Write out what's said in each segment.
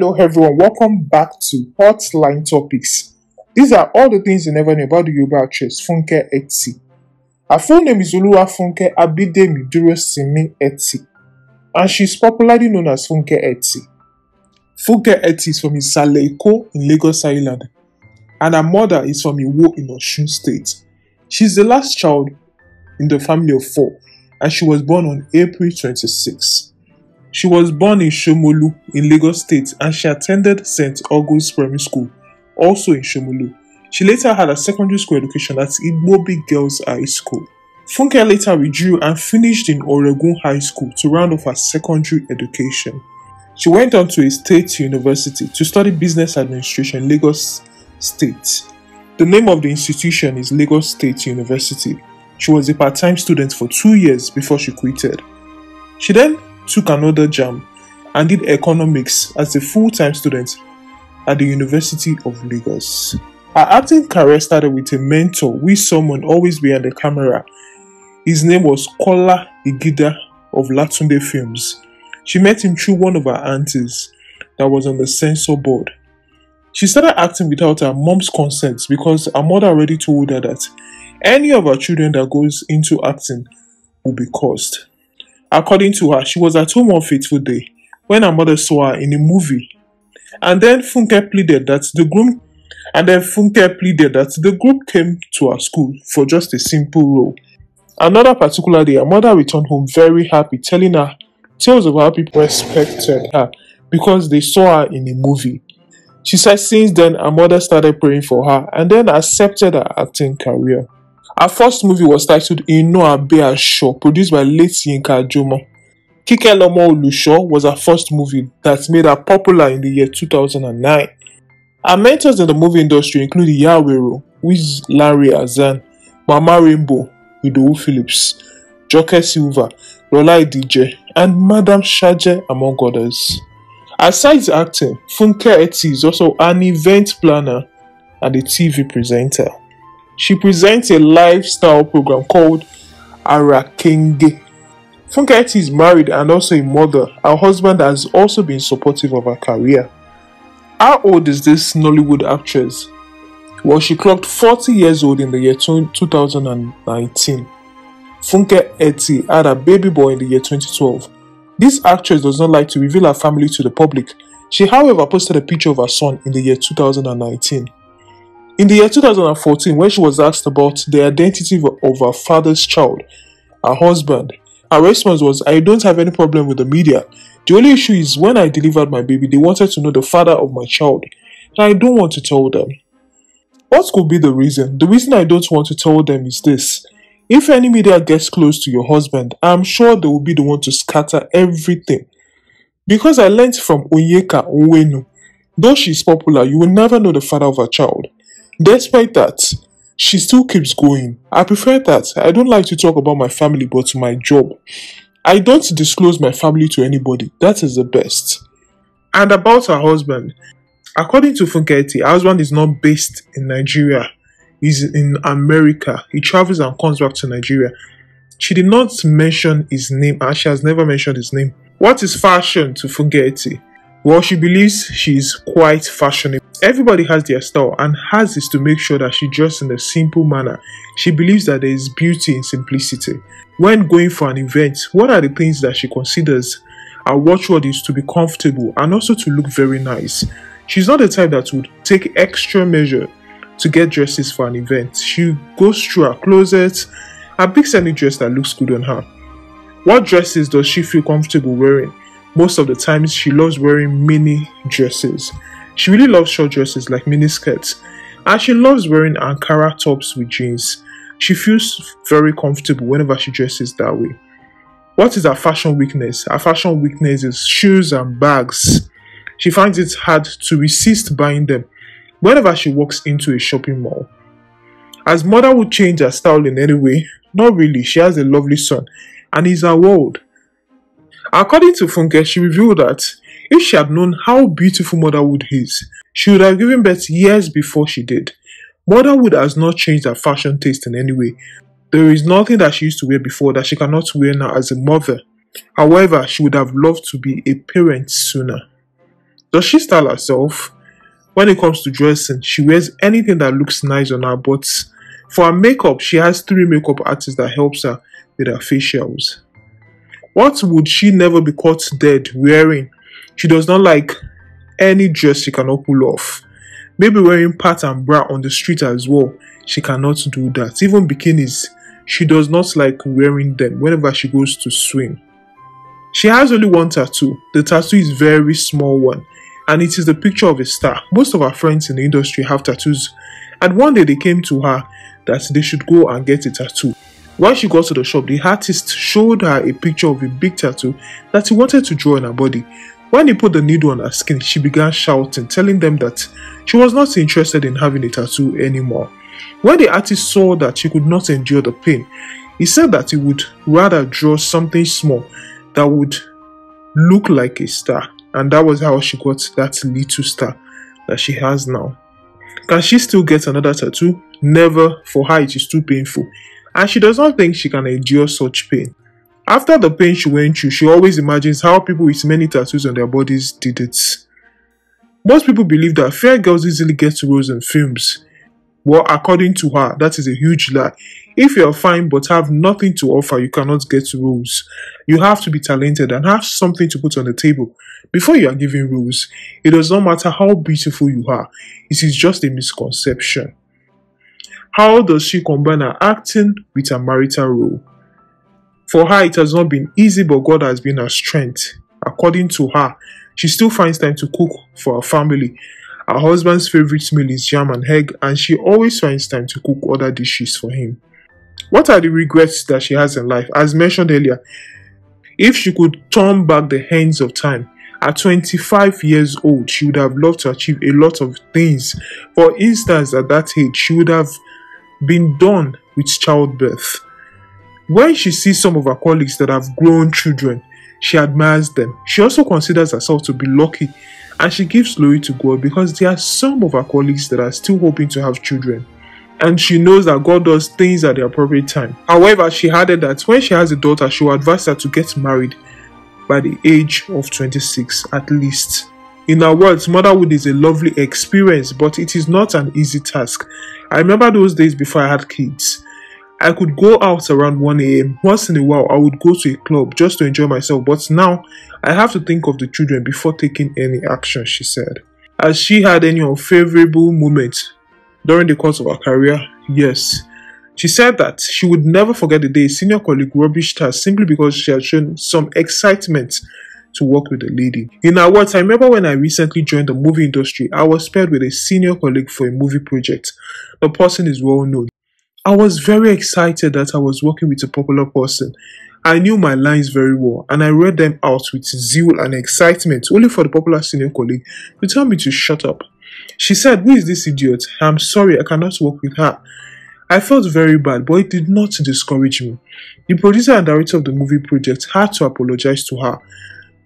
Hello, everyone. Welcome back to Hotline Topics. These are all the things you never knew about the Yoruba actress Funke Etty. Her full name is Oluwa Funke Abidemi Durosimi Etty, and she's popularly known as Funke Etty. Funke Etty is from Isaleko in Lagos Island, and her mother is from Iwo in Osun State. She's the last child in the family of four, and she was born on April 26. She was born in Shomolu in Lagos State and she attended St. August's Primary School, also in Shomolu. She later had a secondary school education at Igbobi Girls High School. Funke later withdrew and finished in Oregon High School to round off her secondary education. She went on to a state university to study business administration Lagos State. The name of the institution is Lagos State University. She was a part-time student for two years before she quitted. She then took another jam, and did economics as a full time student at the University of Lagos. Her acting career started with a mentor, with someone always behind the camera. His name was Kola Igida of Latunde Films. She met him through one of her aunties that was on the censor board. She started acting without her mom's consent because her mother already told her that any of her children that goes into acting will be cursed. According to her, she was at home on fateful day when her mother saw her in a movie. And then Funke pleaded that the groom and then Funke pleaded that the group came to her school for just a simple role. Another particular day, her mother returned home very happy, telling her tales of how people respected her because they saw her in a movie. She said since then her mother started praying for her and then accepted her acting career. Her first movie was titled Ino Abe Show*, produced by late Yinka Ajomo. Kike Lomo Olusho was her first movie that made her popular in the year 2009. Her mentors in the movie industry include Yawero, with Larry Azan, Mama Rainbow, Idowu Phillips, Joker Silva, Rolai DJ, and Madame Shaje, among others. Aside acting, Funke Eti is also an event planner and a TV presenter. She presents a lifestyle program called Arakenge. Funketi is married and also a mother. Her husband has also been supportive of her career. How old is this Nollywood actress? Well, she clocked 40 years old in the year 2019. Funke Eti had a baby boy in the year 2012. This actress does not like to reveal her family to the public. She, however, posted a picture of her son in the year 2019. In the year 2014, when she was asked about the identity of her father's child, her husband, her response was, I don't have any problem with the media. The only issue is when I delivered my baby, they wanted to know the father of my child, and I don't want to tell them. What could be the reason? The reason I don't want to tell them is this. If any media gets close to your husband, I'm sure they will be the one to scatter everything. Because I learnt from Onyeka Owenu, though she's popular, you will never know the father of her child. Despite that, she still keeps going. I prefer that. I don't like to talk about my family but my job. I don't disclose my family to anybody. That is the best. And about her husband, according to Funketi, her husband is not based in Nigeria. He's in America. He travels and comes back to Nigeria. She did not mention his name and she has never mentioned his name. What is fashion to Fungeti? Well, she believes she's quite fashionable. Everybody has their style and has is to make sure that she dresses in a simple manner. She believes that there is beauty in simplicity. When going for an event, what are the things that she considers her watchword is to be comfortable and also to look very nice. She's not the type that would take extra measure to get dresses for an event. She goes through her closet and picks any dress that looks good on her. What dresses does she feel comfortable wearing? most of the times she loves wearing mini dresses. She really loves short dresses like mini skirts, and she loves wearing Ankara tops with jeans. She feels very comfortable whenever she dresses that way. What is her fashion weakness? Her fashion weakness is shoes and bags. She finds it hard to resist buying them whenever she walks into a shopping mall. As mother would change her style in any way, not really, she has a lovely son and he's her world. According to Funke, she revealed that if she had known how beautiful motherhood is, she would have given birth years before she did. Motherhood has not changed her fashion taste in any way. There is nothing that she used to wear before that she cannot wear now as a mother. However, she would have loved to be a parent sooner. Does she style herself? When it comes to dressing, she wears anything that looks nice on her, but for her makeup, she has three makeup artists that helps her with her facials. What would she never be caught dead wearing? She does not like any dress she cannot pull off. Maybe wearing pat and bra on the street as well. She cannot do that. Even bikinis, she does not like wearing them whenever she goes to swim. She has only one tattoo. The tattoo is very small one and it is the picture of a star. Most of her friends in the industry have tattoos and one day they came to her that they should go and get a tattoo. While she got to the shop, the artist showed her a picture of a big tattoo that he wanted to draw on her body. When he put the needle on her skin, she began shouting, telling them that she was not interested in having a tattoo anymore. When the artist saw that she could not endure the pain, he said that he would rather draw something small that would look like a star. And that was how she got that little star that she has now. Can she still get another tattoo? Never. For her, it is too painful and she does not think she can endure such pain. After the pain she went through, she always imagines how people with many tattoos on their bodies did it. Most people believe that fair girls easily get roles in films. Well, according to her, that is a huge lie. If you are fine but have nothing to offer, you cannot get roles. You have to be talented and have something to put on the table before you are given roles. It does not matter how beautiful you are, it is just a misconception. How does she combine her acting with her marital role? For her, it has not been easy, but God has been her strength. According to her, she still finds time to cook for her family. Her husband's favorite meal is jam and egg, and she always finds time to cook other dishes for him. What are the regrets that she has in life? As mentioned earlier, if she could turn back the hands of time, at 25 years old, she would have loved to achieve a lot of things. For instance, at that age, she would have been done with childbirth. When she sees some of her colleagues that have grown children, she admires them. She also considers herself to be lucky and she gives glory to God because there are some of her colleagues that are still hoping to have children. And she knows that God does things at the appropriate time. However, she added that when she has a daughter, she will advise her to get married by the age of 26 at least. In our words, motherhood is a lovely experience, but it is not an easy task. I remember those days before I had kids. I could go out around 1 a.m. Once in a while, I would go to a club just to enjoy myself, but now I have to think of the children before taking any action, she said. Has she had any unfavorable moments during the course of her career? Yes. She said that she would never forget the day a senior colleague rubbished her simply because she had shown some excitement to work with a lady. In our words, I remember when I recently joined the movie industry, I was paired with a senior colleague for a movie project. The person is well known. I was very excited that I was working with a popular person. I knew my lines very well and I read them out with zeal and excitement, only for the popular senior colleague to tell me to shut up. She said, Who is this idiot? I'm sorry, I cannot work with her. I felt very bad, but it did not discourage me. The producer and director of the movie project had to apologize to her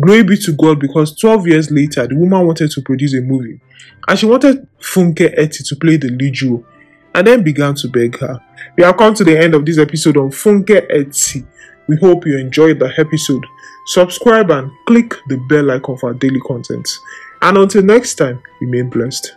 Glory be to God because 12 years later, the woman wanted to produce a movie and she wanted Funke Eti to play the lead role and then began to beg her. We have come to the end of this episode on Funke Eti. We hope you enjoyed the episode. Subscribe and click the bell icon for daily content. And until next time, remain blessed.